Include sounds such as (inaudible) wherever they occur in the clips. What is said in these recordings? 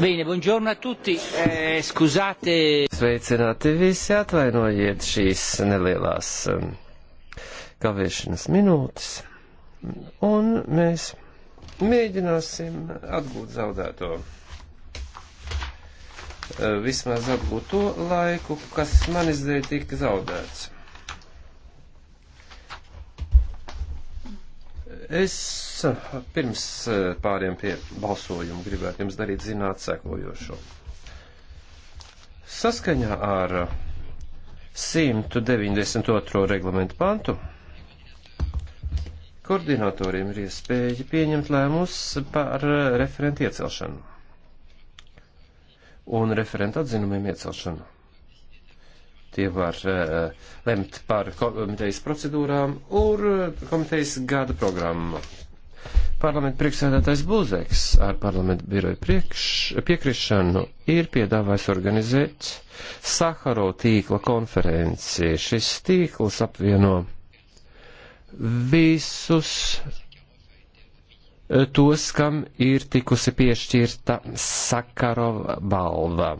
Bene, buongiorno a tutti. Eh, scusate. Sveicināti visi, atvainojiet šīs nelielās um, kavēšanas minūtes. Un mēs mēģināsim atgūt zaudēto eh, vismaz atgūt to laiku, kas manis dēļ tika zaudēts. Es eh, pirms eh, pāriem pie balsojuma gribētu jums darīt zināt sekojošo. Saskaņā ar 192. Eh, reglamentu pantu koordinatoriem ir iespēja pieņemt lēmumus par referentu iecelšanu un referentu atzinumiem iecelšanu. Tie var eh, lemt par komitejas procedūrām un eh, komitejas gada programmu. Parlamenta priekšsēdētājs Būzeks ar parlamenta biroju priekš, piekrišanu ir piedāvājis organizēt Saharo tīkla konferenci. Šis tīkls apvieno visus eh, tos, kam ir tikusi piešķirta Sakarova balva.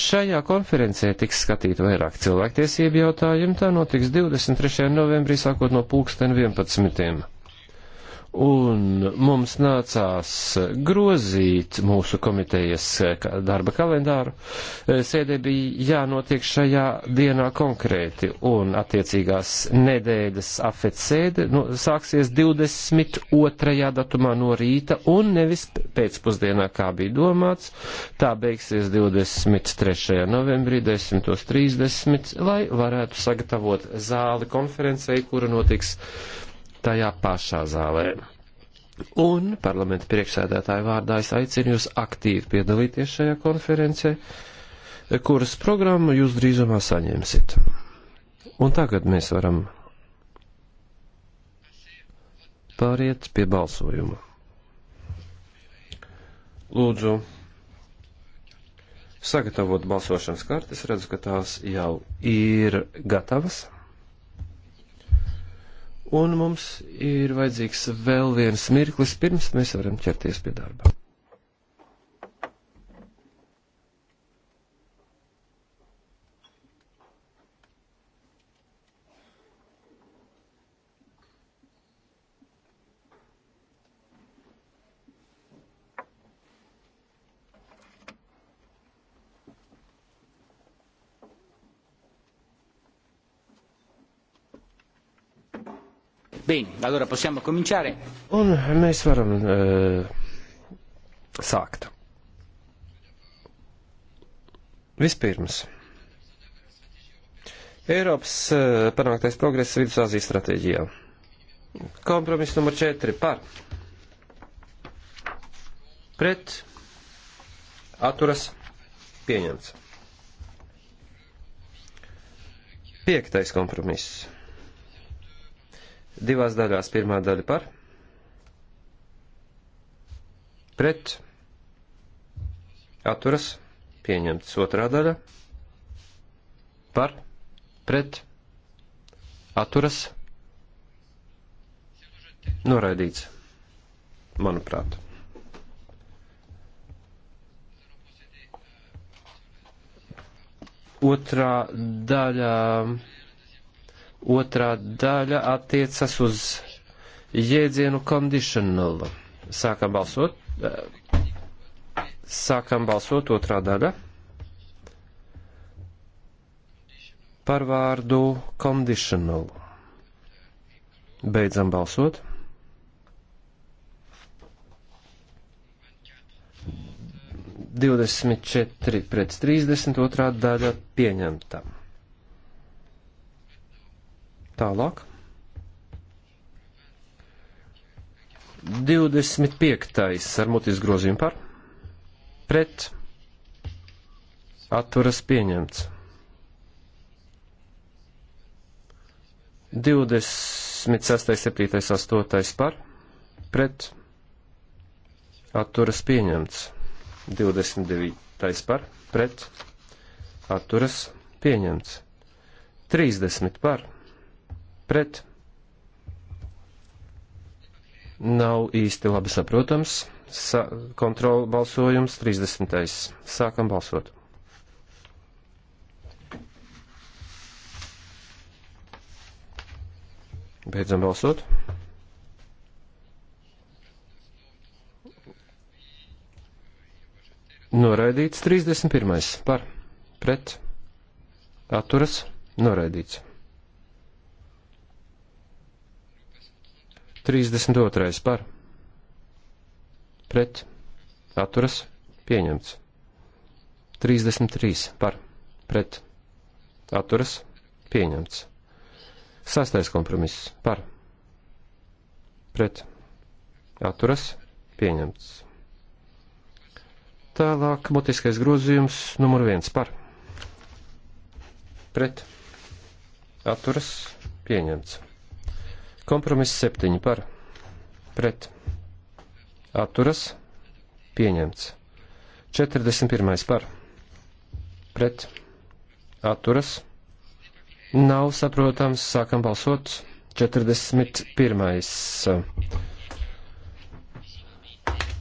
Šajā konferencē tiks skatīta vairāk cilvēktiesību jautājumu, tā notiks 23. novembrī sākot no pulksten 11 un mums nācās grozīt mūsu komitejas eh, darba kalendāru. Eh, sēdē bija jānotiek šajā dienā konkrēti, un attiecīgās nedēļas afet sēde nu, sāksies 22. datumā no rīta, un nevis pēcpusdienā, kā bija domāts, tā beigsies 23. novembrī 10.30, lai varētu sagatavot zāli konferencei, kura notiks tajā pašā zālē. Un parlamenta priekšsēdētāju vārdā es aicinu jūs aktīvi piedalīties šajā konferencē, kuras programmu jūs drīzumā saņemsiet. Un tagad mēs varam pāriet pie balsojuma. Lūdzu, sagatavot balsošanas kartes, redzu, ka tās jau ir gatavas un mums ir vajadzīgs vēl viens mirklis, pirms mēs varam ķerties pie darba. Bene, allora possiamo cominciare. Un mēs varam uh, sākt. Vispirms. Eiropas uh, panāktais progress Vidusāzijas stratēģijā. Kompromiss numur 4 par. Pret. Atturas. Pieņemts. Piektais kompromiss divās daļās. Pirmā daļa par, pret, atturas, pieņemts. Otrā daļa par, pret, atturas, noraidīts, manuprāt. Otrā daļa Otrā daļa attiecas uz jēdzienu conditional. Sākam balsot. Sākam balsot otrā daļa. Par vārdu conditional. Beidzam balsot. Divdesmit četri pret trīsdesmit otrā daļa pieņemtam. Tālāk. 25. ar mutis grozījumu par, pret, atturas pieņemts. 26, 7, 8 par, pret, atturas pieņemts. 29. par, pret, atturas pieņemts. 30 par, pret nav īsti labi saprotams. Sa kontrola balsojums 30. Sākam balsot. Beidzam balsot. Noraidīts 31. par pret atturas noraidīts. 32. par pret atturas pieņemts. 33. par pret atturas pieņemts. Sastais kompromiss par pret atturas pieņemts. Tālāk mutiskais grozījums numur viens par pret atturas pieņemts. Kompromiss 7 par pret atturas pieņemts. 41 par pret atturas nav saprotams. Sākam balsot. 41.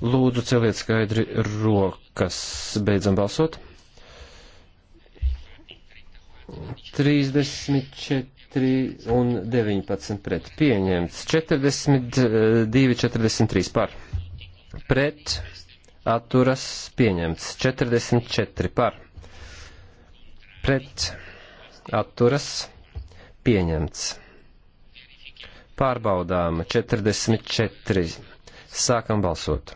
Lūdzu, celiet skaidri rokas. Beidzam balsot. 34 3 un 19 pret pieņemts, 42, 43 eh, par, pret atturas pieņemts, 44 par, pret atturas pieņemts. Pārbaudām 44. Sākam balsot.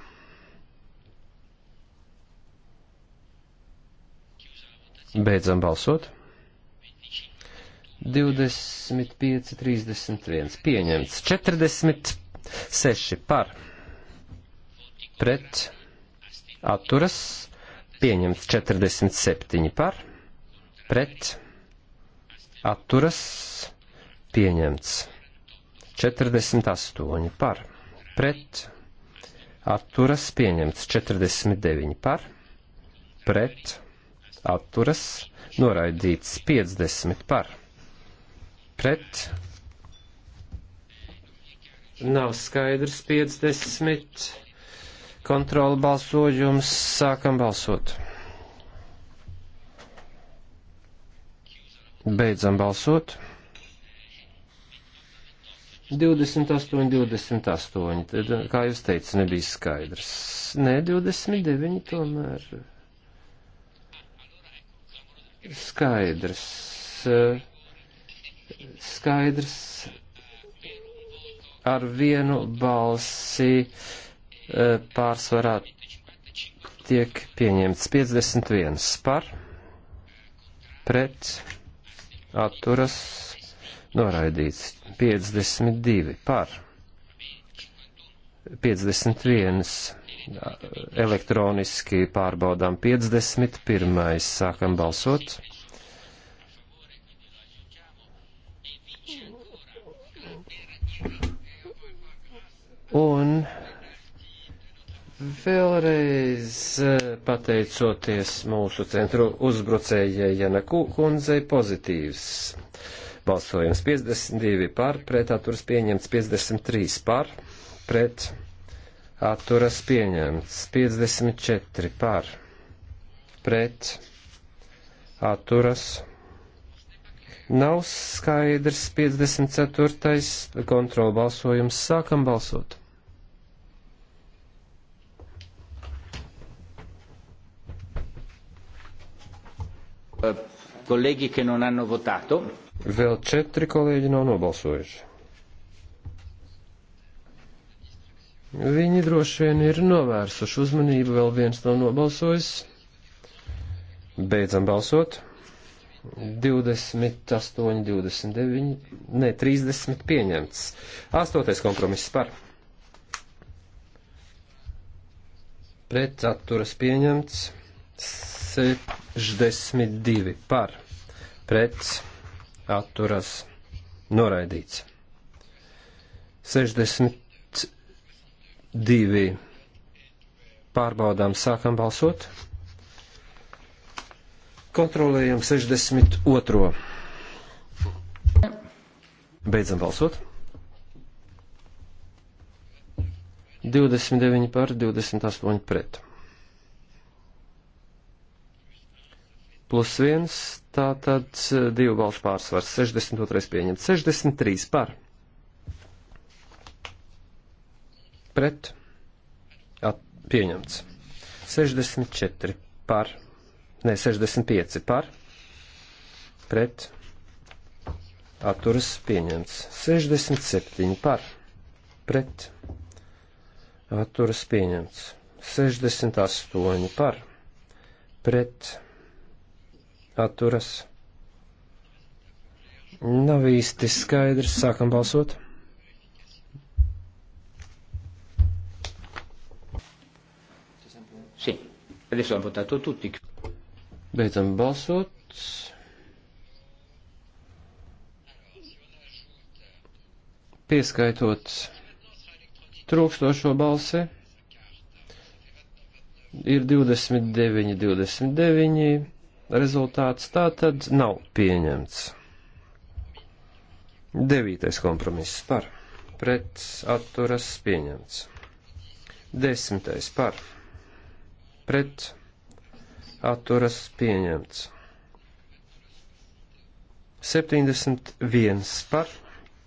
Beidzam balsot. 25, 31 pieņemts, 46 par, pret, atturas, pieņemts, 47 par, pret, atturas, pieņemts, 48 par, pret, atturas, pieņemts, 49 par, pret, atturas, noraidīts, 50 par pret. Nav skaidrs 50. Kontrola balsojums. Sākam balsot. Beidzam balsot. 28, 28. Tad, kā jūs teicat, nebija skaidrs. Nē, 29 tomēr. Skaidrs. Uh, skaidrs ar vienu balsi eh, pārsvarā tiek pieņemts 51 par, pret, atturas, noraidīts 52 par, 51 eh, elektroniski pārbaudām 51, sākam balsot. Un vēlreiz e, pateicoties mūsu centru uzbrucējai Jana Kundzei pozitīvs. Balsojums 52 par, pret atturas pieņemts 53 par, pret atturas pieņemts 54 par, pret atturas nav skaidrs 54. kontrolbalsojums sākam balsot. Kolēģi, eh, ka non hanno votato. Vēl četri kolēģi nav nobalsojuši. Viņi droši vien ir novērsuši uzmanību, vēl viens nav nobalsojis. Beidzam balsot. 28, 29, ne, 30 pieņemts. Astotais kompromiss par. Pret atturas pieņemts. 7. 62 par pret atturas noraidīts. 62 pārbaudām sākam balsot. Kontrolējam 62. Beidzam balsot. 29 par 28 pret. plus 1, tātad eh, divu balšu pārsvars, 62 pieņemt, 63 par. Pret. At, pieņemts. 64 par. Nē, 65 par. Pret. Atturas pieņemts. 67 par. Pret. Atturas pieņemts. 68 par. Pret atturas. Nav īsti skaidrs. Sākam balsot. Sì, adesso hanno votato tutti. Beidzam balsot. Pieskaitot trūkstošo balsi, ir 29, 29, rezultāts tā tad nav pieņemts. Devītais kompromiss par, pret atturas pieņemts. Desmitais par, pret atturas pieņemts. 71 par,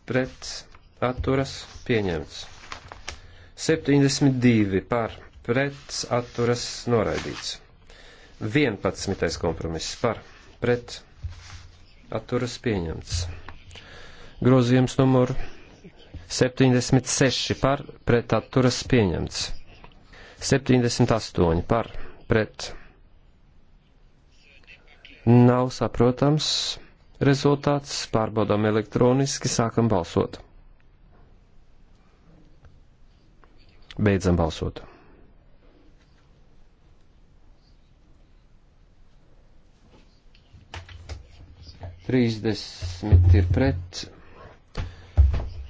pret atturas pieņemts. 72 par, pret atturas noraidīts. 11. kompromiss par pret atturas pieņemts. Grozījums numur 76 par pret atturas pieņemts. 78 par pret. Nav saprotams rezultāts, pārbaudām elektroniski, sākam balsot. Beidzam balsot. 30 ir pret,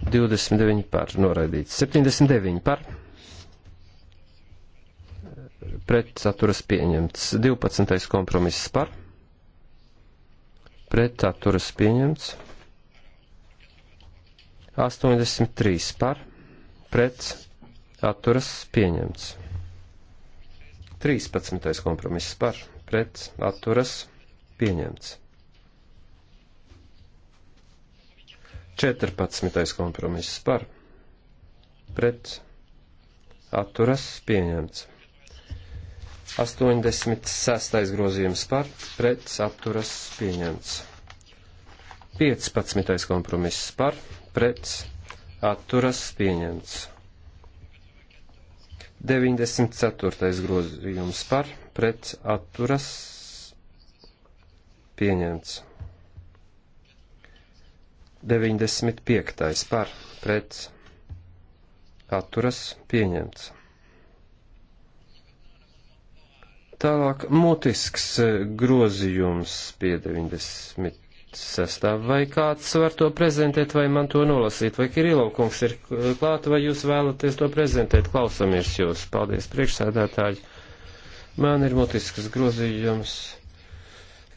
29 par noraidīts, 79 par pret saturas pieņemts, 12. kompromiss par pret saturas pieņemts, 83 par pret atturas pieņemts. 13. kompromiss par pret atturas pieņemts. 14. kompromiss par pret atturas pieņemts. 86. grozījums par pret atturas pieņemts. 15. kompromiss par pret atturas pieņemts. 94. grozījums par pret atturas pieņemts. 95. par pret atturas pieņemts. Tālāk mutisks e, grozījums pie 96. Vai kāds var to prezentēt, vai man to nolasīt, vai Kirilo kungs ir e, klāt, vai jūs vēlaties to prezentēt? Klausamies jūs. Paldies, priekšsēdētāji. Man ir mutisks grozījums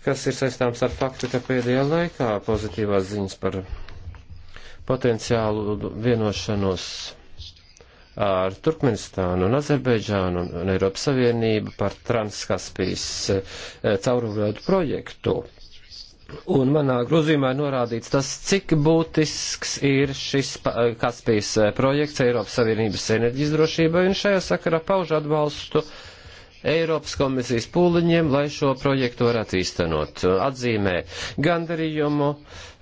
kas ir saistāms ar faktu, ka pēdējā laikā pozitīvās ziņas par potenciālu vienošanos ar Turkmenistānu un Azerbaidžānu un Eiropas Savienību par Transkaspijas eh, cauruļvadu projektu. Un manā grozījumā ir norādīts tas, cik būtisks ir šis eh, Kaspijas eh, projekts Eiropas Savienības enerģijas drošībai un šajā sakarā pauž atbalstu uh, Eiropas komisijas pūliņiem, lai šo projektu varētu īstenot. Atzīmē gandarījumu,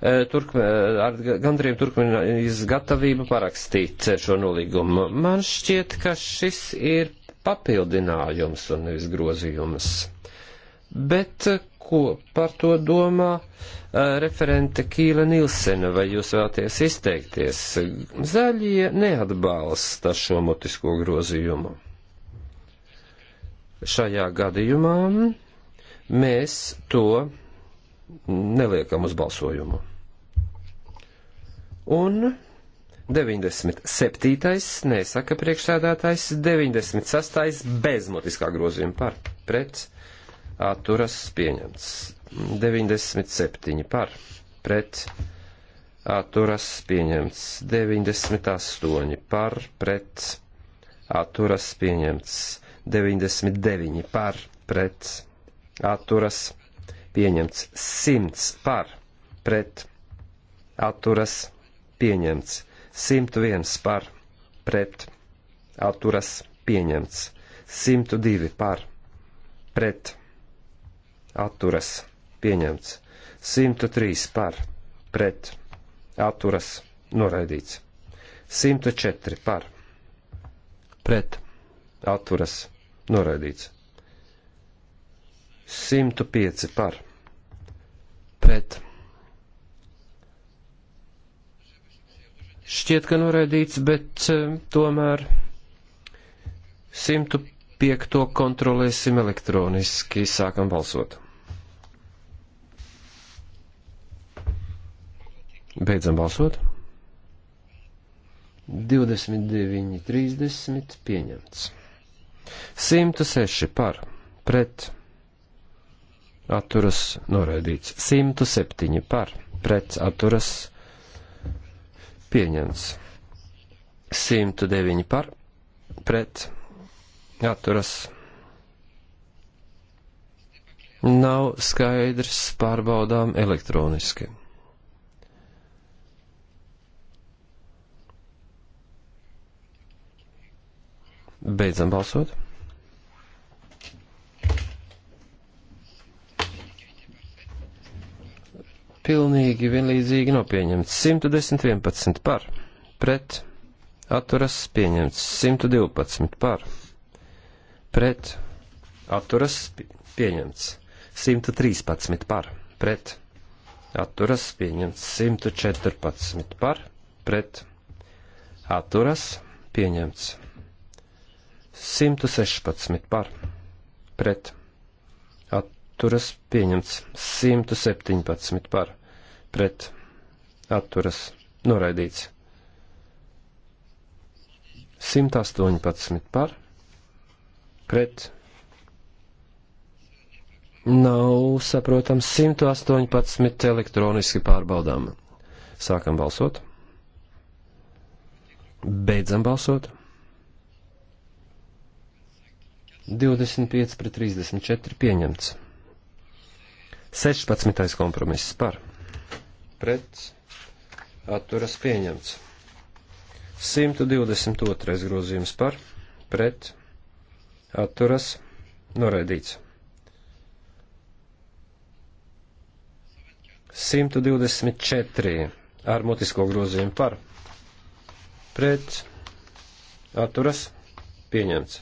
eh, turkme, eh, ar gandarījumu Turkmenijas gatavību parakstīt šo nolīgumu. Man šķiet, ka šis ir papildinājums un nevis grozījums. Bet eh, ko par to domā referente Kīla Nilsena, vai jūs vēlaties izteikties? Zaļie neatbalsta šo mutisko grozījumu. Šajā gadījumā mēs to neliekam uz balsojumu. Un 97. nesaka priekšsēdētājs, 96. bezmutiskā grozījuma par pret atturas pieņemts. 97 par pret atturas pieņemts. 98 par pret atturas pieņemts. 99 par pret atturas pieņemts 100 par pret atturas pieņemts 101 par pret atturas pieņemts 102 par pret atturas pieņemts 103 par pret atturas noraidīts 104 par pret atturas pieņemts Noraidīts. 105 par. Pret. Šķiet, ka noraidīts, bet eh, tomēr 105 kontrolēsim elektroniski. Sākam balsot. Beidzam balsot. 29, 30 pieņemts. 106 par pret atturas noraidīts. 107 par pret atturas pieņemts. 109 par pret atturas nav skaidrs pārbaudām elektroniski. Beidzam balsot. Pilnīgi vienlīdzīgi nopieņemts 111 par, pret, atturas pieņemts 112 par, pret, atturas pieņemts 113 par, pret, atturas pieņemts 114 par, pret, atturas pieņemts 114 par 116 par pret atturas pieņemts 117 par pret atturas noraidīts 118 par pret nav saprotams 118 elektroniski pārbaudām. Sākam balsot. Beidzam balsot. 25 pret 34 pieņemts. 16. kompromiss par. Pret atturas pieņemts. 122. grozījums par. Pret atturas noraidīts. 124 ar mutisko grozījumu par. Pret atturas pieņemts.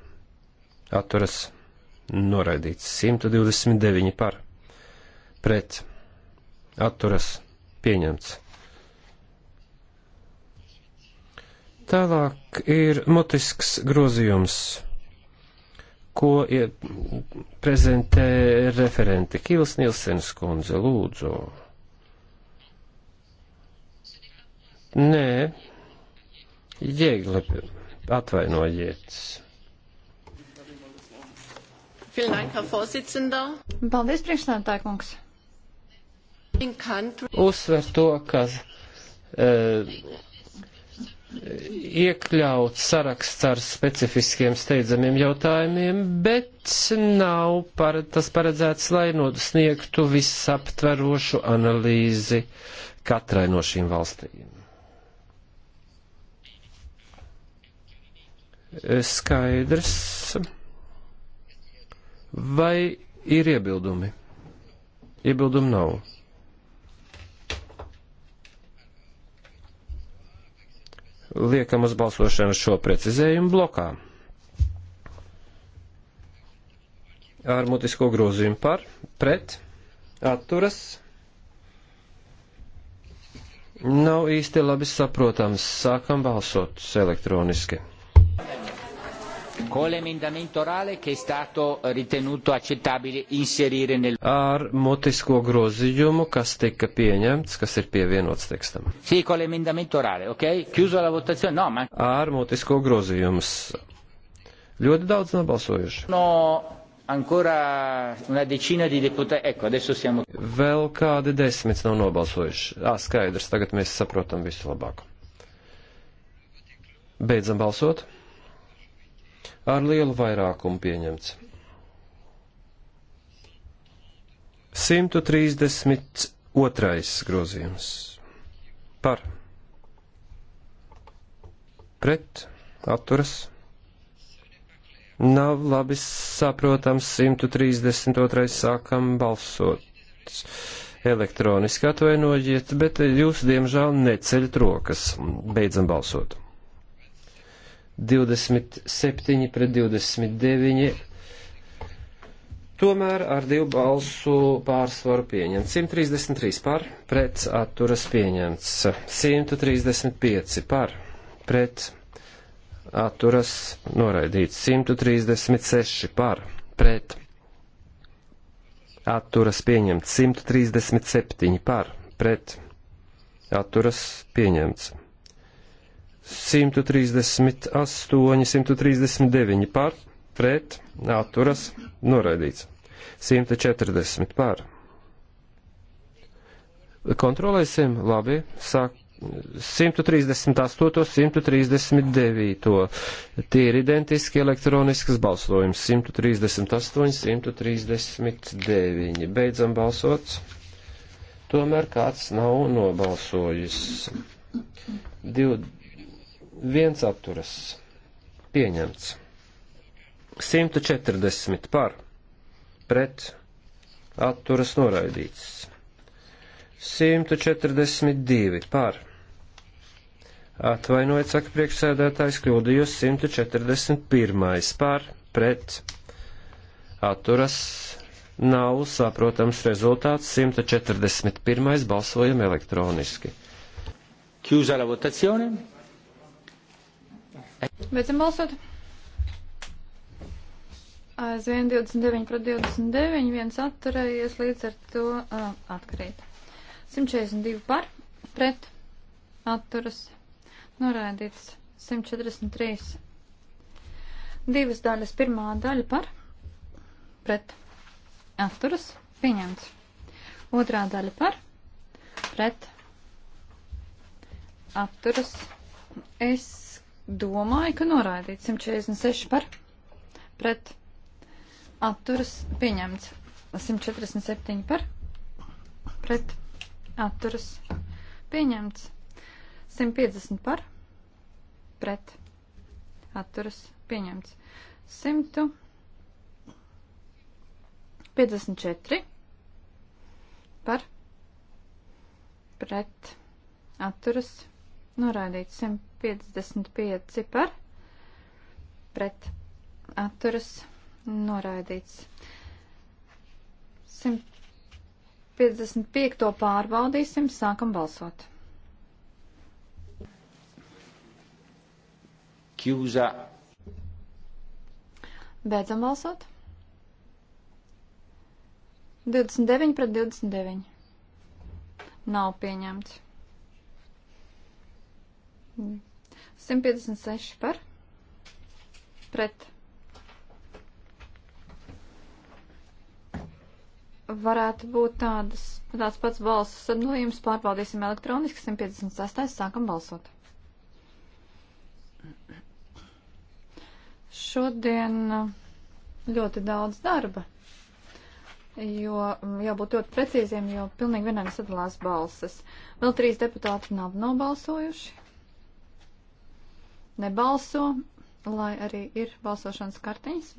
atturas noraidīts. 129 par pret atturas pieņemts. Tālāk ir mutisks grozījums, ko prezentē referenti Kīls Nilsens kundze, lūdzu. Nē, jēgle atvainojiet. Paldies, priekšstādātāji kungs. Uzsver to, ka uh, iekļaut saraksts ar specifiskiem steidzamiem jautājumiem, bet nav par, tas paredzēts, lai nodusniegtu visaptverošu analīzi katrai no šīm valstīm. E, skaidrs. Vai ir iebildumi? Iebildumi nav. Liekam uz balsošanu šo precizējumu blokā. Ar mutisko grozījumu par, pret, atturas. Nav īsti labi saprotams. Sākam balsot elektroniski con l'emendamento orale che è stato ritenuto accettabile inserire nel. Ar mutisko grozījumu, kas tika pieņemts, kas ir pievienots tekstam. Sì, con l'emendamento orale, ok? Chiuso la votazione? No, man... Ar mutisko grozījumus. Ļoti daudz nobalsojuši. No... Ancora una decina di deputati. Ecco, adesso siamo. Vēl kādi desmit nav nobalsojuši. Ah, skaidrs, tagad mēs saprotam visu labāk. Beidzam balsot ar lielu vairākumu pieņemts. 132. grozījums par pret atturas nav labi saprotams 132. sākam balsot elektroniski atvainojiet, bet jūs diemžēl neceļat rokas. Beidzam balsot. 27 pret 29. Tomēr ar divu balsu pārsvaru pieņemts. 133 par, pret atturas pieņemts. 135 par, pret atturas noraidīts. 136 par, pret atturas pieņemts. 137 par, pret atturas pieņemts. 138, 139 par, pret, atturas, noraidīts. 140 par. Kontrolēsim, labi, sāk 138, 139. Tie ir identiski elektroniskas balsojums. 138, 139. Beidzam balsot. Tomēr kāds nav nobalsojis. 20 viens atturas pieņemts. 140 par, pret, atturas noraidīts. 142 par. Atvainojiet, saka priekšsēdētājs, kļūdījos 141 par, pret, atturas nav saprotams rezultāts, 141 balsojam elektroniski. Chiusa la votazione. Beidzam balsot. Aizvien 29 pret 29, viens atturējies, līdz ar to uh, atkrīt. 142 par, pret, atturas, noraidīts 143. Divas daļas, pirmā daļa par, pret, atturas, pieņemts. Otrā daļa par, pret, atturas. Es Domāju, ka noraidīts 146 par pret atturas pieņemts 147 par pret atturas pieņemts 150 par pret atturas pieņemts 154 par pret atturas pieņemts Noraidīts 155 par pret atturas noraidīts. 155 to pārbaudīsim, sākam balsot. Kjūza. Beidzam balsot. 29 pret 29. Nav pieņemts. 156 par pret. Varētu būt tādas, tāds pats balsu nu, sadalījums. Pārbaudīsim elektroniski. 156. sākam balsot. Šodien uh, ļoti daudz darba, jo um, jābūt ļoti precīziem, jo pilnīgi vienādi sadalās balsas. Vēl trīs deputāti nav nobalsojuši nebalso, lai arī ir balsošanas kartiņas.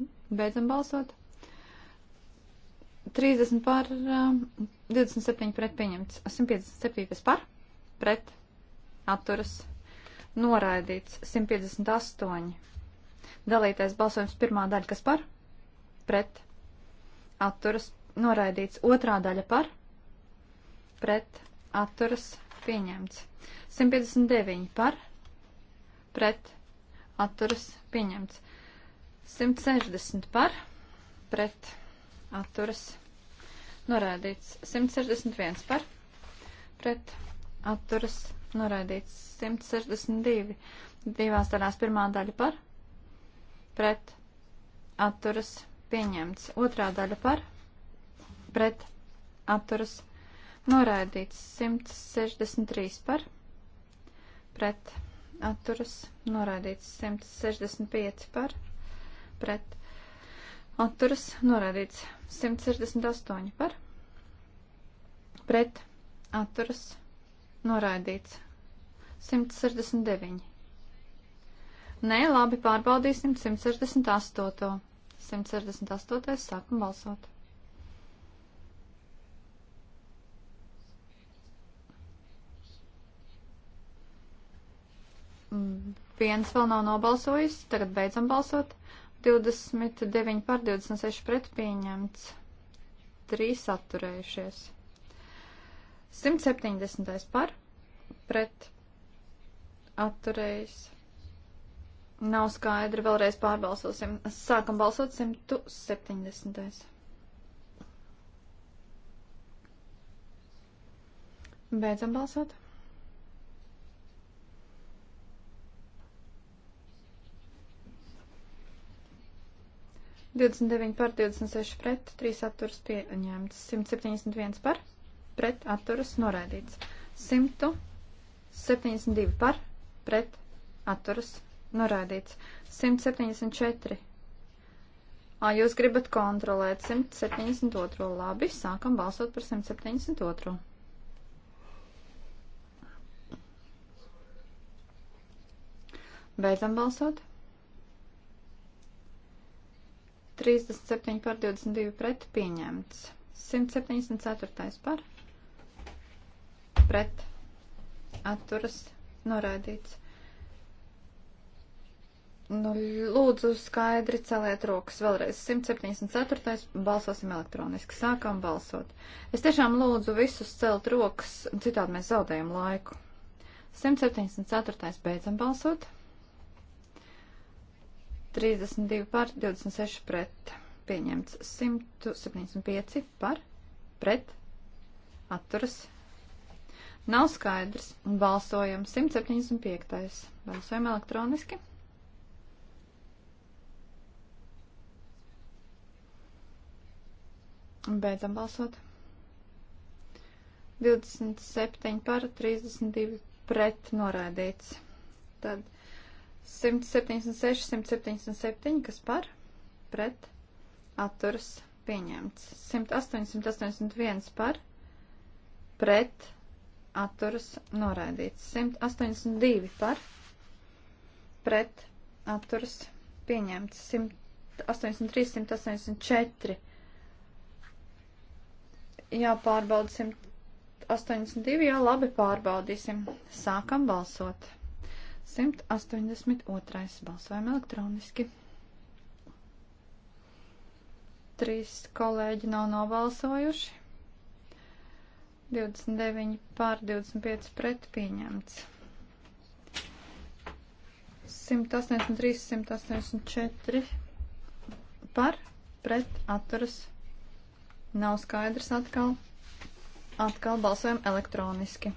Beidzam balsot. 30 par, 27 um, pret pieņemts, 157 par, pret, atturas, noraidīts, 158. Dalītais balsojums pirmā daļa, kas par, pret, atturas, noraidīts, otrā daļa par, pret, atturas, pieņemts. 159 par, pret atturas pieņemts. 160 par pret atturas norādīts. 161 par pret atturas norādīts. 162 divās daļās pirmā daļa par pret atturas pieņemts. Otrā daļa par pret atturas norādīts. 163 par pret atturas atturas noraidīts 165 par pret atturas noraidīts 168 par pret atturas noraidīts 169. Nē, labi, pārbaudīsim 168. 168. sākam balsot. Mm, viens vēl nav nobalsojis, tagad beidzam balsot. 29 par 26 pret pieņemts. 3 atturējušies. 170 par pret atturējis. Nav skaidri, vēlreiz pārbalsosim. Sākam balsot 170. Beidzam balsot. 29 par 26 pret, 3 atturas pieņemts, 171 par, pret atturas noraidīts, 172 par, pret atturas noraidīts, 174. Ā, jūs gribat kontrolēt 172. Labi, sākam balsot par 172. Beidzam balsot. 37 par 22 pret pieņemts. 174 par pret atturas noraidīts. Nu, lūdzu, skaidri celiet rokas vēlreiz. 174. balsosim elektroniski. Sākam balsot. Es tiešām lūdzu visus celt rokas, citādi mēs zaudējam laiku. 174. beidzam balsot. 32 par, 26 pret. Pieņemts 175 par, pret, atturas. Nav skaidrs. Balsojam 175. Balsojam elektroniski. Beidzam balsot. 27 par, 32 pret noraidīts. Tad 176, 177, kas par, pret, atturas, pieņemts. 108, 181 par, pret, atturas, noraidīts. 182 par, pret, atturas, pieņemts. 183, 184 jāpārbauda 182, jā, labi pārbaudīsim. Sākam balsot. 182. Balsojam elektroniski. Trīs kolēģi nav nobalsojuši. 29 pār 25 pret pieņemts. 183, 184 par pret atturas nav skaidrs atkal. Atkal balsojam elektroniski.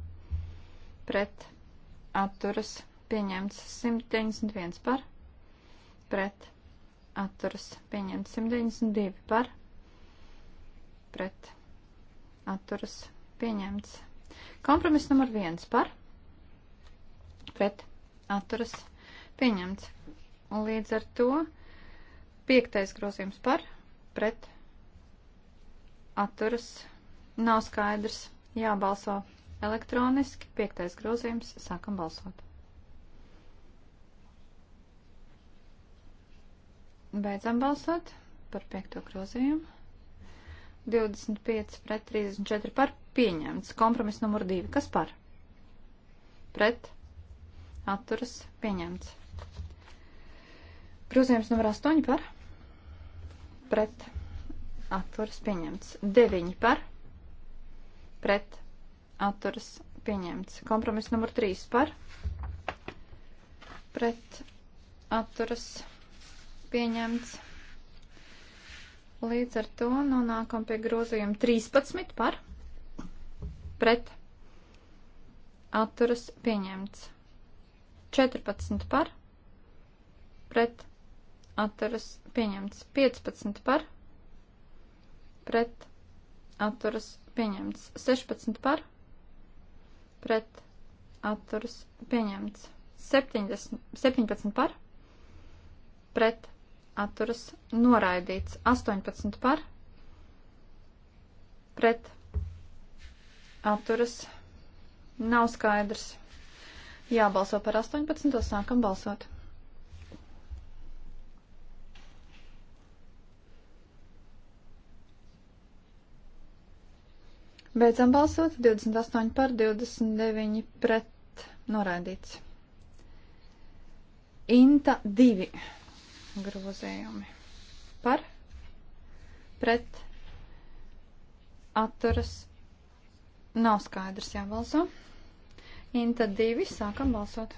pret atturas pieņemts 191 par, pret atturas pieņemts 192 par, pret atturas pieņemts. Kompromiss numur 1 par, pret atturas pieņemts. Un līdz ar to piektais grozījums par, pret atturas nav skaidrs, jābalso Elektroniski piektais grozījums. Sākam balsot. Beidzam balsot par piekto grozījumu. 25 pret 34 par pieņemts. Kompromis numur 2. Kas par? Pret. Atturas pieņemts. Grozījums numur 8 par. Pret. Atturas pieņemts. 9 par. Pret atturas pieņemts. Kompromiss numur 3 par pret atturas pieņemts. Līdz ar to nonākam pie grozījuma 13 par pret atturas pieņemts. 14 par pret atturas pieņemts. 15 par pret atturas pieņemts. 16 par pret pret atturas pieņemts. 70, 17 par pret atturas noraidīts. 18 par pret atturas nav skaidrs. Jābalso par 18. sākam balsot. Beidzam balsot. 28 par 29 pret noraidīts. Inta 2 grozējumi. Par, pret, atturas, nav skaidrs jābalso. Inta 2 sākam balsot.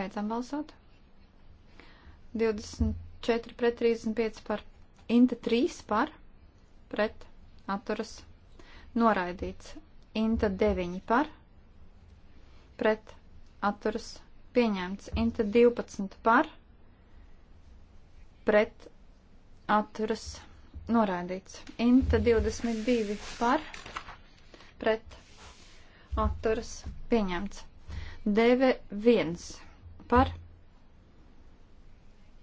Beidzam balsot. 24 pret 35 par Inta 3 par pret atturas noraidīts. Inta 9 par pret atturas pieņemts. Inta 12 par pret atturas noraidīts. Inta 22 par pret atturas pieņemts. Deve 1 par pret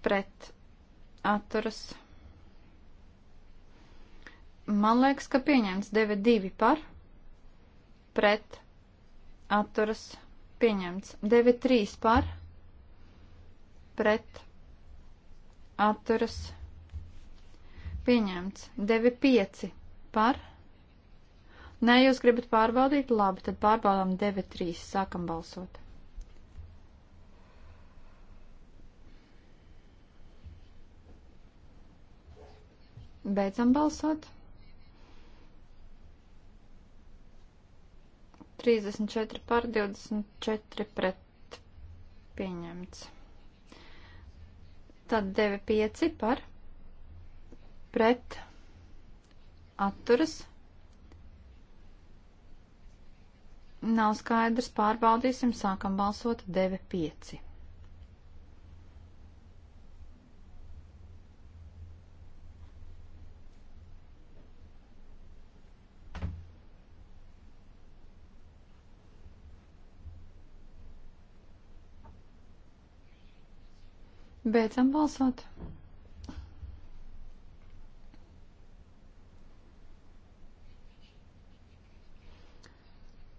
pret atturas. Man liekas, ka pieņemts 9-2 par, pret atturas pieņemts 9-3 par, pret atturas pieņemts 9-5 par. Nē, jūs gribat pārbaudīt? Labi, tad pārbaudām 9-3, sākam balsot. Beidzam balsot. 34 par 24 pret pieņemts. Tad 9,5 par pret atturas. Nav skaidrs, pārbaudīsim, sākam balsot 9,5. Beidzam balsot.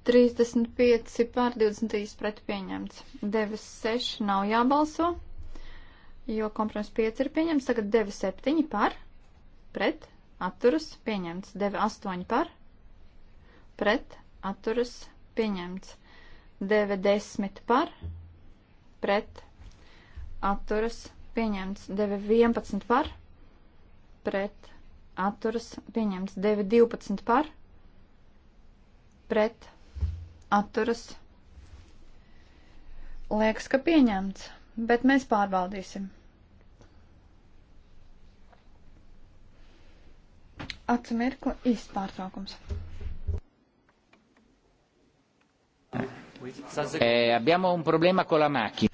Trīsdesmit pieci pār divdesmit trīs pret pieņemts. Devis seši nav jābalso, jo kompromiss pieci ir pieņemts. Tagad devi septiņi par, pret, atturas, pieņemts. Devi astoņi par, pret, atturas, pieņemts. Devi desmit par, pret, atturas pieņemts 911 par, pret atturas pieņemts 912 par, pret atturas liekas, ka pieņemts, bet mēs pārbaudīsim. Atsimirkli īsts pārtraukums. Eh, abbiamo un problema con la macchina.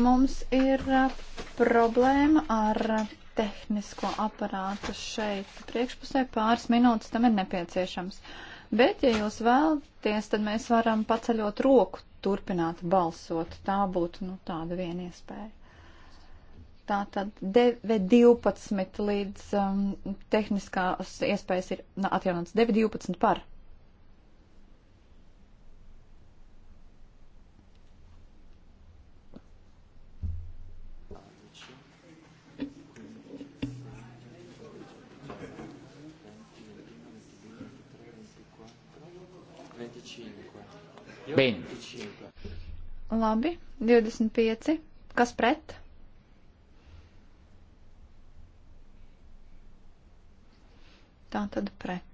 Mums ir uh, problēma ar uh, tehnisko aparātu šeit priekšpusē. Pāris minūtes tam ir nepieciešams. Bet, ja jūs vēlaties, tad mēs varam paceļot roku turpināt balsot. Tā būtu nu, tāda viena iespēja. Tā tad 9.12 līdz um, tehniskās iespējas ir nu, atjaunotas 9.12 par Ben. Labi, 25. Kas pret? Tā tad pret.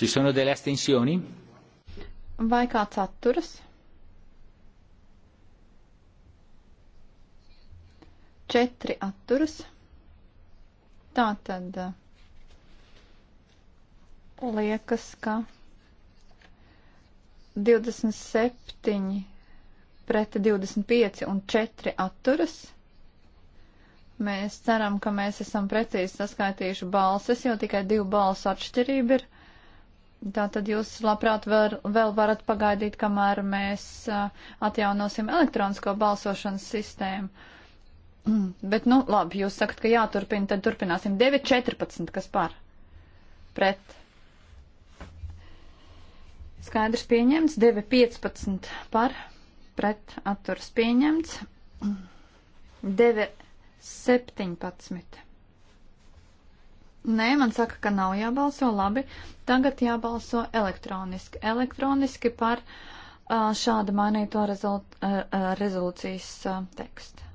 Ci sono delle astensioni? Vai kāds atturas? Četri atturas. Tā tad uh, liekas, ka 27 pret 25 un 4 atturas. Mēs ceram, ka mēs esam precīzi saskaitījuši balses, jo tikai divu balsu atšķirība ir. Tā tad jūs labprāt var, vēl varat pagaidīt, kamēr mēs atjaunosim elektronisko balsošanas sistēmu. (clears throat) Bet, nu, labi, jūs sakat, ka jāturpina, tad turpināsim. 9.14, kas par? Pret. Skaidrs pieņemts. 9.15 par. Pret atturs pieņemts. 9.17 (clears throat) Nē, man saka, ka nav jābalso. Labi, tagad jābalso elektroniski. Elektroniski par uh, šādu mainīto rezol uh, uh, rezolūcijas uh, tekstu.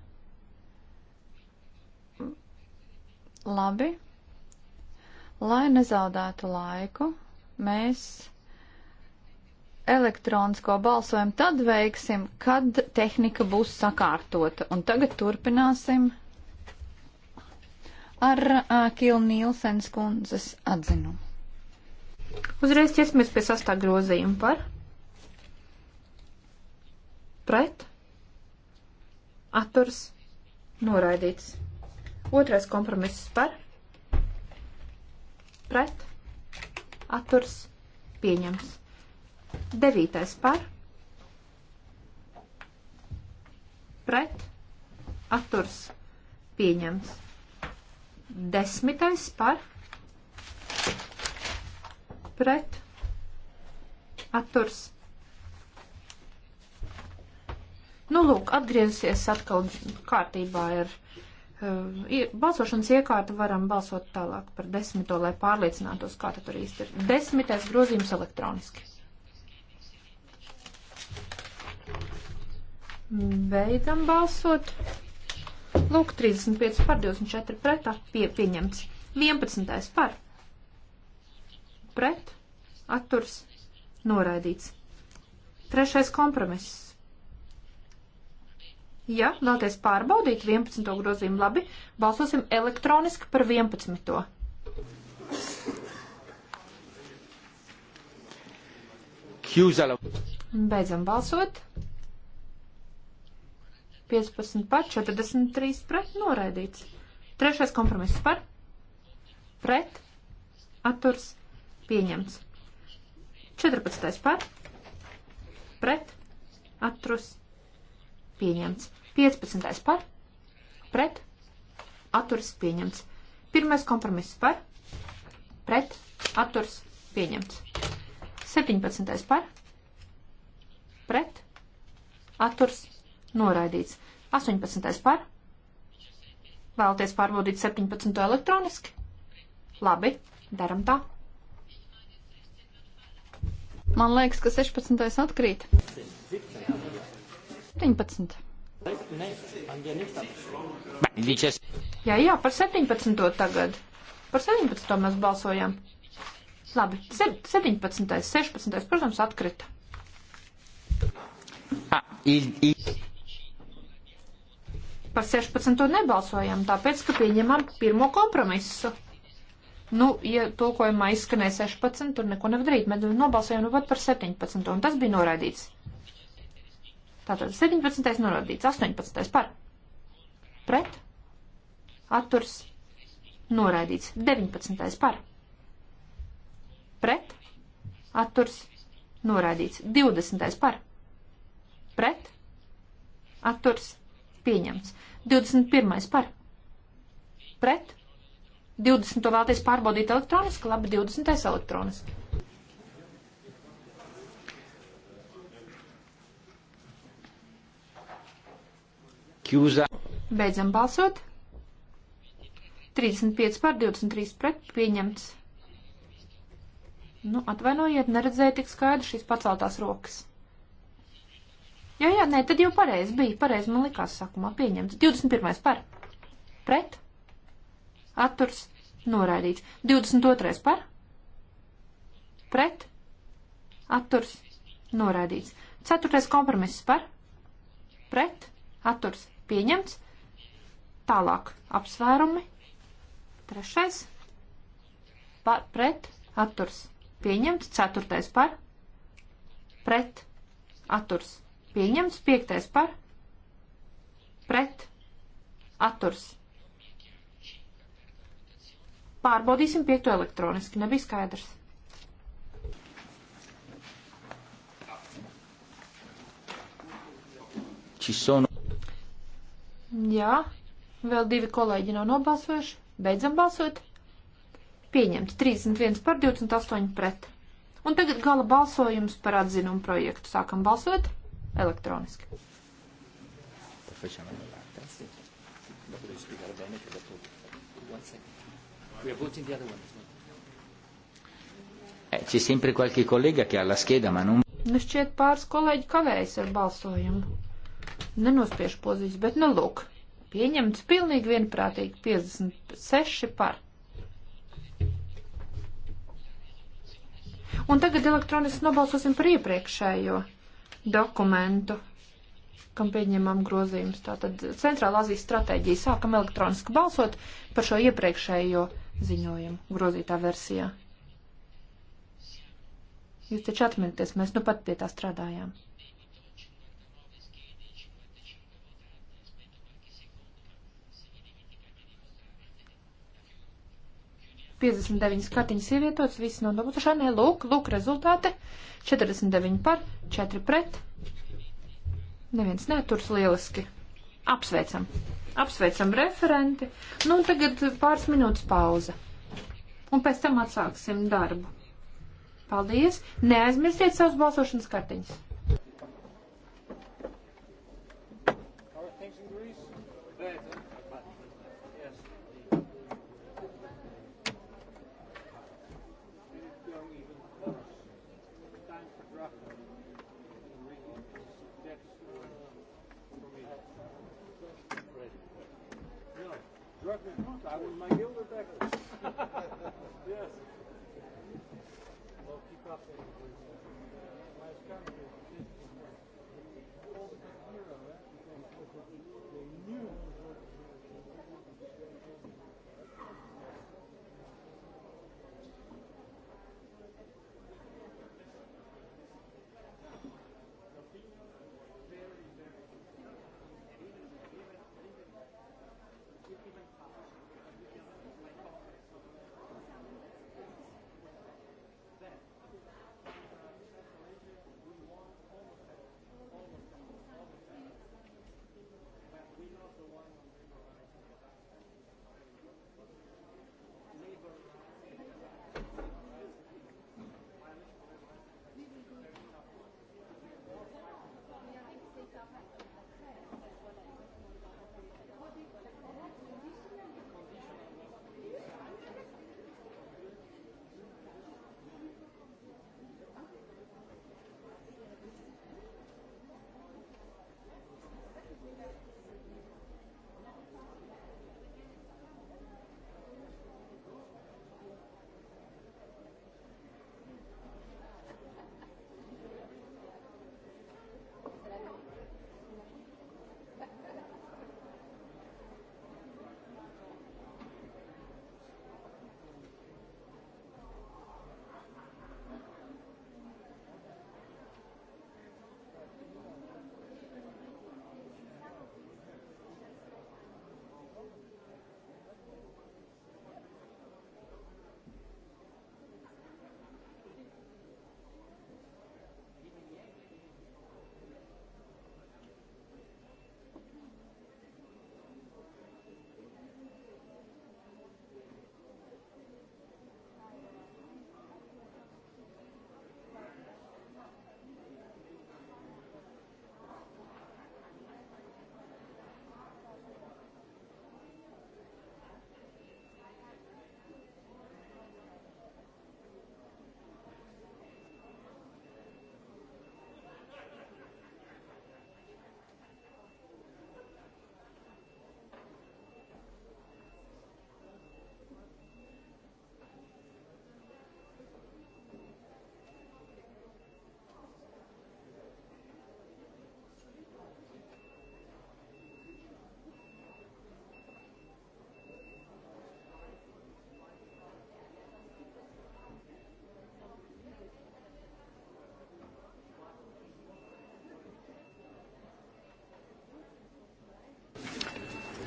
Labi, lai nezaudētu laiku, mēs elektronisko balsojumu tad veiksim, kad tehnika būs sakārtota. Un tagad turpināsim ar uh, Kilnu Nīlsens kundzes atzinumu. Uzreiz ķersimies pie sastā grozījuma par pret atturs noraidīts. Otrais kompromiss par pret atturs pieņems. Devītais par pret atturs pieņems. Desmitais par pret atturs. Nu, lūk, atgriezusies atkal kārtībā ir uh, eh, balsošanas iekārta, varam balsot tālāk par desmito, lai pārliecinātos, kā tad tur īsti ir. Desmitais grozījums elektroniski. Beidzam balsot. Lūk, 35 par 24 pret pie, pieņemts. 11. par pret atturs noraidīts. Trešais kompromiss. Ja vēlaties pārbaudīt 11. grozījumu labi, balsosim elektroniski par 11. Beidzam balsot. 15 par, 43 pret, noraidīts. Trešais kompromiss par, pret, atturs, pieņemts. 14 par, pret, atturs, pieņemts. 15 par, pret, atturs, pieņemts. Pirmais kompromiss par, pret, atturs, pieņemts. 17 par, pret, atturs, pieņemts noraidīts. 18. par. Vēlaties pārbaudīt 17. elektroniski? Labi, daram tā. Man liekas, ka 16. atkrīt. 17. Jā, jā, par 17. tagad. Par 17. mēs balsojām. Labi, 17. 16. protams, atkrita. Ah, il, il. Par 16. nebalsojam, tāpēc, ka pieņemam pirmo kompromisu. Nu, ja tulkojumā izskanēja 16, tur neko nevar darīt. Mēs nobalsojam nu pat par 17, un tas bija noraidīts. Tātad 17. noraidīts, 18. par. Pret. Atturs. Noraidīts. 19. par. Pret. Atturs. Noraidīts. 20. par. Pret. Atturs pieņemts. 21. par. Pret. 20. to vēlties pārbaudīt elektroniski, labi, 20. elektroniski. Kjūza. Beidzam balsot. 35 pār 23 pret pieņemts. Nu, atvainojiet, neredzēju tik skaidri šīs paceltās rokas. Jā, jā, nē, tad jau pareizi bija, pareizi man likās sākumā pieņemts. 21. par, pret, atturs, noraidīts. 22. par, pret, atturs, noraidīts. 4. kompromiss par, pret, atturs, pieņemts. Tālāk apsvērumi. Trešais. Par, pret, atturs, pieņemts. Ceturtais par, pret, atturs, Pieņemts piektais par pret atturs. Pārbaudīsim piekto elektroniski, nebija skaidrs. Čisono. Jā, vēl divi kolēģi nav nobalsojuši. Beidzam balsot. Pieņemts 31 par 28 pret. Un tagad gala balsojums par atzinumu projektu. Sākam balsot elektroniski. Eh, c'è sempre qualche collega che ha la scheda, ma non. Nu šķiet pāris kolēģi kavējas ar balsojumu. Nenospiež pozīcijas, bet nu lūk. Pieņemts pilnīgi vienprātīgi 56 par. Un tagad elektroniski nobalsosim par iepriekšējo dokumentu, kam pieņemam grozījumus. Tātad Centrāla Azijas stratēģija sākam elektroniski balsot par šo iepriekšējo ziņojumu grozītā versijā. Jūs taču atminaties, mēs nu pat pie tā strādājām. 59 kartiņas ievietotas, visas nodobutušanai. Lūk, lūk rezultāti. 49 par, 4 pret. Neviens neturs lieliski. Apsveicam. Apsveicam referenti. Nu, tagad pāris minūtes pauze. Un pēc tam atsāksim darbu. Paldies. Neaizmirstiet savus balsošanas kartiņas.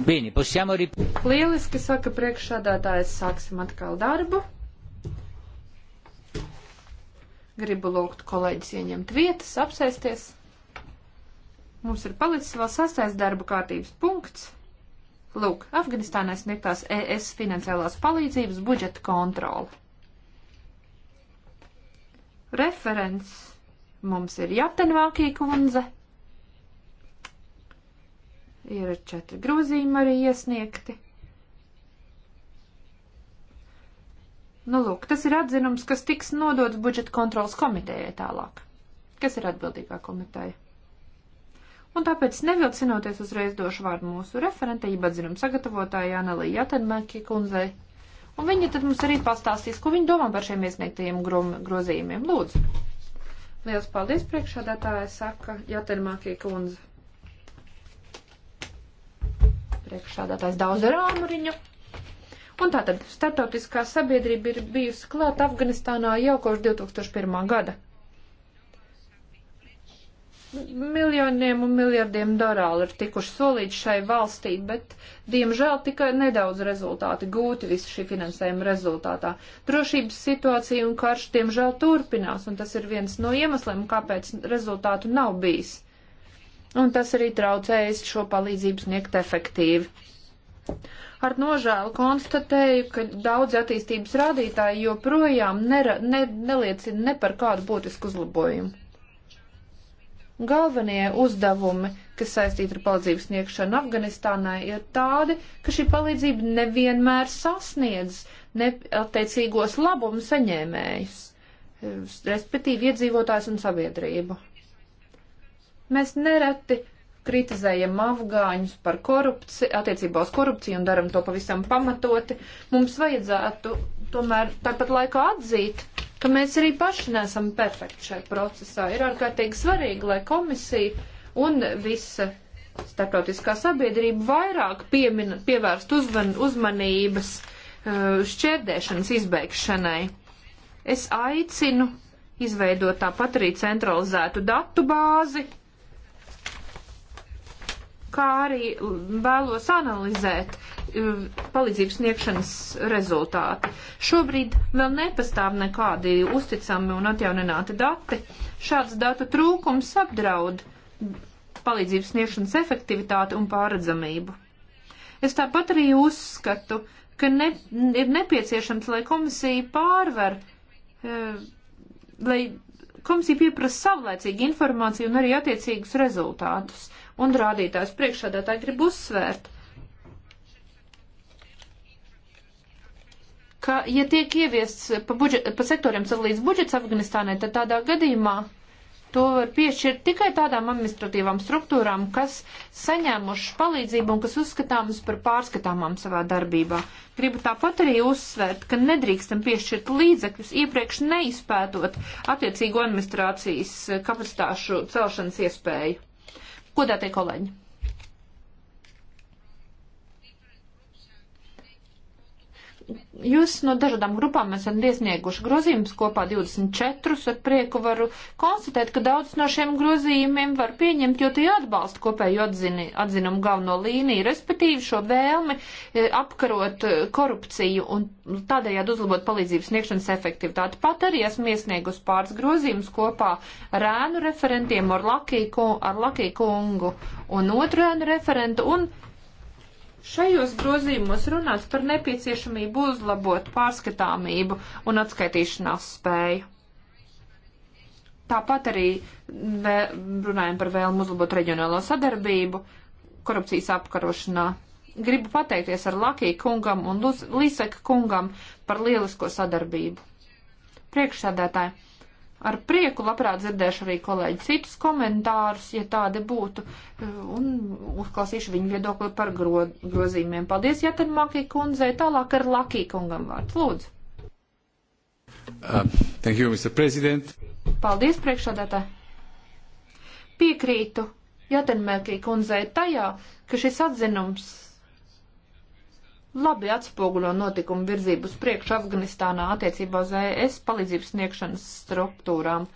Bene, possiamo rip... Lieliski saka priekšsādātājs, sāksim atkal darbu. Gribu lūgt kolēģis ieņemt vietas, apsēsties. Mums ir palicis vēl sastais darba kārtības punkts. Lūk, Afganistānai sniegtās ES finansiālās palīdzības budžeta kontrola. Referents mums ir Jatenvākī kundze. Ir četri grozījumi arī iesniegti. Nu, lūk, tas ir atzinums, kas tiks nodots budžeta kontrolas komitejai tālāk, kas ir atbildīgā komiteja. Un tāpēc, nevilcinoties, uzreiz došu vārdu mūsu referentei, atzinuma sagatavotājai Analija Jatenmēki kundzei. Un viņa tad mums arī pastāstīs, ko viņa domā par šiem iesniegtajiem grozījumiem. Lūdzu! Liels paldies priekšādātāja, saka Jatenmākie kundze priekšsādātājs daudz ar āmuriņu. Un tātad startautiskā sabiedrība ir bijusi klāt Afganistānā jau kopš 2001. gada. Miljoniem un miljardiem dolāru ir tikuši solīti šai valstī, bet, diemžēl, tikai nedaudz rezultāti gūti visu šī finansējuma rezultātā. Drošības situācija un karš, diemžēl, turpinās, un tas ir viens no iemesliem, kāpēc rezultātu nav bijis un tas arī traucējis šo palīdzību sniegt efektīvi. Ar nožēlu konstatēju, ka daudzi attīstības rādītāji joprojām nera, ne, neliecina ne par kādu būtisku uzlabojumu. Galvenie uzdevumi, kas saistīti ar palīdzību sniegšanu Afganistānai, ir tādi, ka šī palīdzība nevienmēr sasniedz ne, attiecīgos labumu saņēmējus, respektīvi iedzīvotājs un sabiedrību. Mēs nereti kritizējam afgāņus par korupciju, attiecībā uz korupciju un daram to pavisam pamatoti. Mums vajadzētu tomēr tāpat laikā atzīt, ka mēs arī paši nesam perfekti šajā procesā. Ir ārkārtīgi svarīgi, lai komisija un visa starptautiskā sabiedrība vairāk piemin, pievērst uzman, uzmanības uh, šķērdēšanas izbeigšanai. Es aicinu izveidot tāpat arī centralizētu datu bāzi kā arī vēlos analizēt uh, palīdzības sniegšanas rezultāti. Šobrīd vēl nepastāv nekādi uzticami un atjaunināti dati. Šāds datu trūkums apdraud palīdzības sniegšanas efektivitāti un pārredzamību. Es tāpat arī uzskatu, ka ne, ir nepieciešams, lai komisija pārvar, e, lai komisija pieprasa savlaicīgi informāciju un arī attiecīgus rezultātus un rādītājs priekšādātāji grib uzsvērt, ka, ja tiek ieviests pa, budžet, pa sektoriem sadalīts budžets Afganistānai, tad tādā gadījumā to var piešķirt tikai tādām administratīvām struktūrām, kas saņēmuši palīdzību un kas uzskatāmas par pārskatāmām savā darbībā. Gribu tāpat arī uzsvērt, ka nedrīkstam piešķirt līdzekļus iepriekš neizpētot attiecīgo administrācijas kapacitāšu celšanas iespēju. Godātie kolēģi! Jūs no dažādām grupām esat iesnieguši grozījumus kopā 24. Ar prieku varu konstatēt, ka daudz no šiem grozījumiem var pieņemt, jo tie atbalsta kopēju atzini, atzinumu galveno līniju, respektīvi šo vēlmi e, apkarot e, korupciju un tādējādi uzlabot palīdzības sniegšanas efektivitāti. Pat arī esmu iesniegusi pāris grozījumus kopā ar ēnu referentiem, ar Lakiju kungu un otru ēnu referentu. Un Šajos grozījumos runāts par nepieciešamību uzlabot pārskatāmību un atskaitīšanās spēju. Tāpat arī runājam par vēlmu uzlabot reģionālo sadarbību korupcijas apkarošanā. Gribu pateikties ar Lakiju kungam un Liseka kungam par lielisko sadarbību. Priekšsēdētāji, Ar prieku labprāt dzirdēšu arī kolēģi citus komentārus, ja tādi būtu, un uzklausīšu viņu viedokli par gro, grozījumiem. Paldies, Jātenmakī kundzei, tālāk ar Lakī kungam vārds. Lūdzu. Uh, thank you, Mr. President. Paldies, priekšādātā. Piekrītu Jātenmakī kundzei tajā, ka šis atzinums labi atspoguļo notikumu virzību uz priekšu Afganistānā attiecībā uz ES palīdzības sniegšanas struktūrām.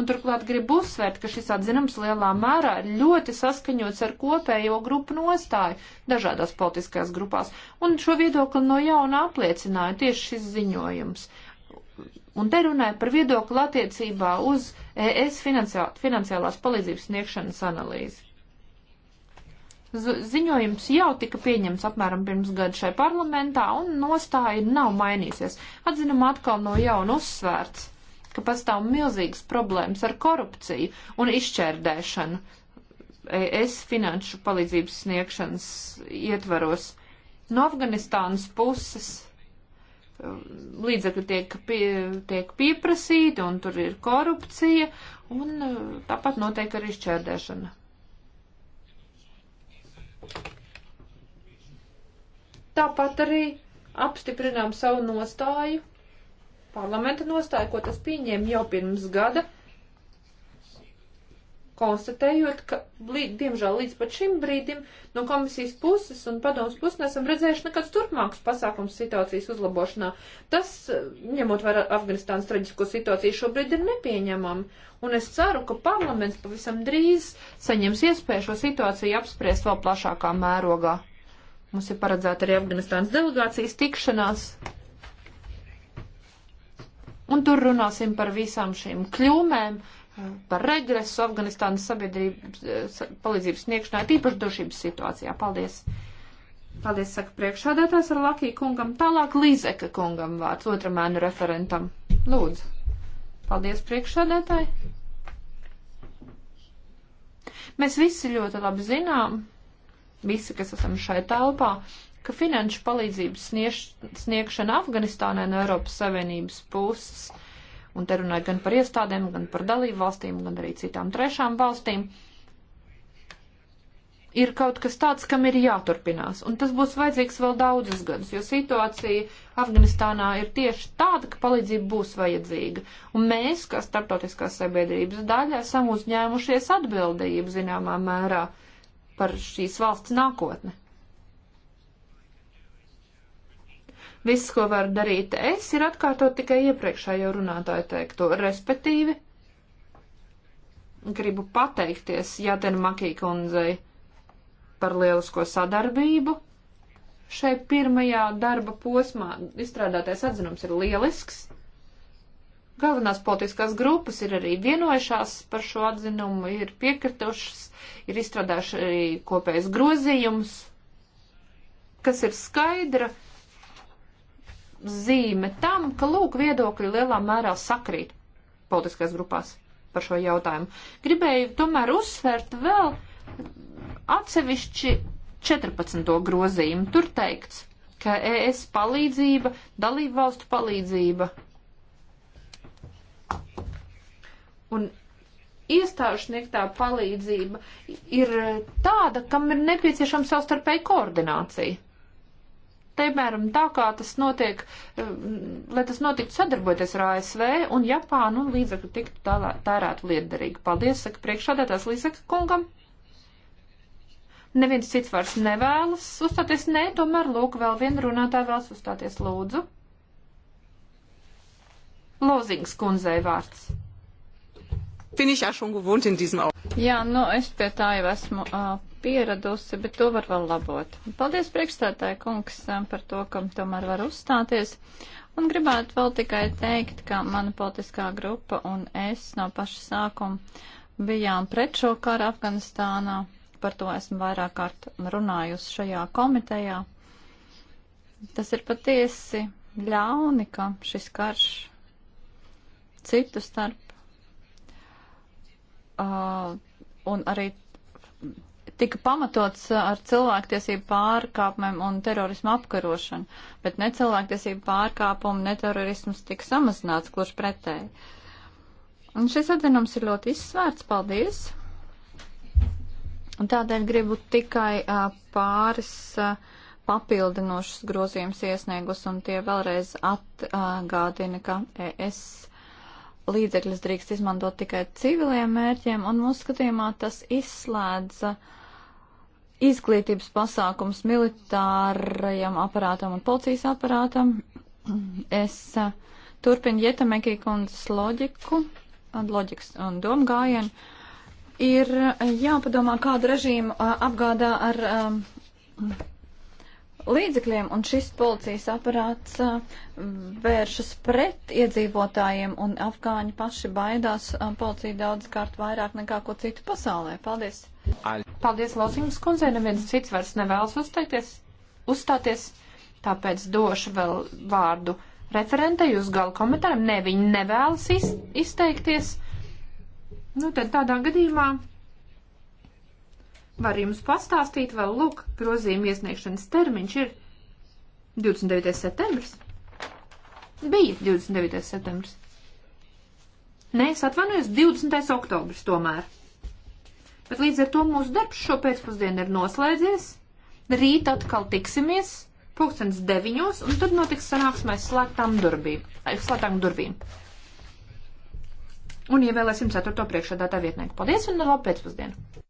Un turklāt gribu uzsvērt, ka šis atzinums lielā mērā ir ļoti saskaņots ar kopējo grupu nostāju dažādās politiskajās grupās, un šo viedokli no jauna apliecināja tieši šis ziņojums. Un te runāja par viedokli attiecībā uz ES finansiālās palīdzības sniegšanas analīzi. Ziņojums jau tika pieņemts apmēram pirms gada šai parlamentā, un nostāja nav mainīsies. Atzinam atkal no jauna uzsvērts, ka pastāv milzīgas problēmas ar korupciju un izšķērdēšanu es finanšu palīdzības sniegšanas ietvaros. No Afganistānas puses um, līdzekļi tiek, pie, tiek pieprasīti, un tur ir korupcija, un uh, tāpat notiek arī šķērdēšana. Tāpat arī apstiprinām savu nostāju, parlamenta nostāju, ko tas pieņēma jau pirms gada, konstatējot, ka, līd, diemžēl, līdz pat šim brīdim no komisijas puses un padomas puses nesam redzējuši nekādus turpmākus pasākums situācijas uzlabošanā. Tas, ņemot vērā Afganistānas traģisko situāciju, šobrīd ir nepieņemami. Un es ceru, ka parlaments pavisam drīz saņems iespēju šo situāciju apspriest vēl plašākā mērogā. Mums ir paredzēta arī Afganistānas delegācijas tikšanās. Un tur runāsim par visām šīm kļūmēm, par regresu Afganistānas sabiedrības eh, palīdzības sniegšanai, tīpaši drošības situācijā. Paldies! Paldies, saka priekšādātājs ar Lakiju kungam, tālāk Līzeka kungam vārds, otram ēnu referentam. Lūdzu. Paldies, priekšādātāji. Mēs visi ļoti labi zinām, visi, kas esam šai telpā, ka finanšu palīdzības snieš, sniegšana Afganistānai no Eiropas Savienības puses, un te runāja gan par iestādēm, gan par dalību valstīm, gan arī citām trešām valstīm, ir kaut kas tāds, kam ir jāturpinās. Un tas būs vajadzīgs vēl daudzus gadus, jo situācija Afganistānā ir tieši tāda, ka palīdzība būs vajadzīga. Un mēs, kā starptautiskās sabiedrības daļa, esam uzņēmušies atbildību zināmā mērā. Uh, par šīs valsts nākotni. Viss, ko var darīt es, ir atkārtot tikai iepriekšējo runātāju teikto, respektīvi. Gribu pateikties Jātena Makī kundzei par lielisko sadarbību. Šai pirmajā darba posmā izstrādātais atzinums ir lielisks. Galvenās politiskās grupas ir arī vienojušās par šo atzinumu, ir piekritušas, ir izstrādājuši arī kopējs grozījums, kas ir skaidra zīme tam, ka lūk viedokļi lielā mērā sakrīt politiskās grupās par šo jautājumu. Gribēju tomēr uzsvērt vēl atsevišķi 14. grozījumu. Tur teikts, ka ES palīdzība, dalību valstu palīdzība Un iestāžu sniegtā palīdzība ir tāda, kam ir nepieciešama savstarpēja koordinācija. Piemēram, tā kā tas notiek, eh, lai tas notiktu sadarbojoties ar ASV un Japānu un līdzekļu tiktu tērētu lietderīgi. Paldies, saka priekšādātās līdzekļu kungam. Neviens cits vairs nevēlas uzstāties, nē, ne, tomēr lūk, vēl viena runātāja vēlas uzstāties, lūdzu. Lozings kundzei vārds. Bin ich ja schon gewohnt in diesem Auto. Jā, nu es pie tā jau esmu uh, pieradusi, bet to var vēl labot. Paldies priekšstādāja kungs um, par to, ka tomēr var uzstāties. Un gribētu vēl tikai teikt, ka mana politiskā grupa un es no paša sākuma bijām pret šo karu Afganistānā. Par to esmu vairāk kārt runājusi šajā komitejā. Tas ir patiesi ļauni, ka šis karš citu starp uh, un arī tika pamatots ar cilvēktiesību pārkāpumiem un terorismu apkarošanu, bet ne cilvēktiesību pārkāpumu, ne terorismus tika samazināts, kurš pretēji. Un šis atzinums ir ļoti izsvērts, paldies! Un tādēļ gribu tikai uh, pāris uh, papildinošus grozījumus iesniegus, un tie vēlreiz atgādina, ka es līdzekļus drīkst izmantot tikai civiliem mērķiem, un mūsu skatījumā tas izslēdza izglītības pasākums militārajam aparātam un policijas aparātam. Es eh, turpinu Jetamekī kundzes loģiku, loģikas un domu gājienu. Ir eh, jāpadomā, kādu režīmu eh, apgādā ar um, līdzekļiem, un šis policijas aparāts vēršas pret iedzīvotājiem, un afgāņi paši baidās policiju daudz kārt vairāk nekā ko citu pasaulē. Paldies! Paldies, Lausīgas kundzei, neviens cits vairs nevēlas uzteikties, uzstāties, tāpēc došu vēl vārdu referentei uz galu komentāram. Ne, viņi nevēlas iz, izteikties. Nu, tad tādā gadījumā Var jums pastāstīt vēl, lūk, grozījuma iesniegšanas termiņš ir 29. septembris. Bija 29. septembris. Nē, es atvainojos, 20. oktobris tomēr. Bet līdz ar to mūsu darbs šo pēcpusdienu ir noslēdzies. Rīt atkal tiksimies pulkstens deviņos, un tad notiks sanāksmē slēgtām durvīm. Eh, slēgtām durvīm. Un ievēlēsim ceturto priekšādātā vietnieku. Paldies un labu pēcpusdienu!